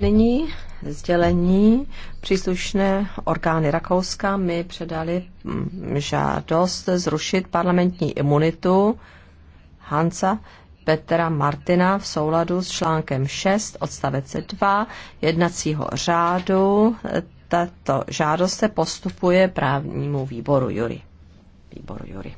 Nyní sdělení příslušné orgány Rakouska mi předali mm, žádost zrušit parlamentní imunitu Hansa Petra Martina v souladu s článkem 6 odstavec 2 jednacího řádu. Tato žádost se postupuje právnímu výboru Jury. Výboru Jury.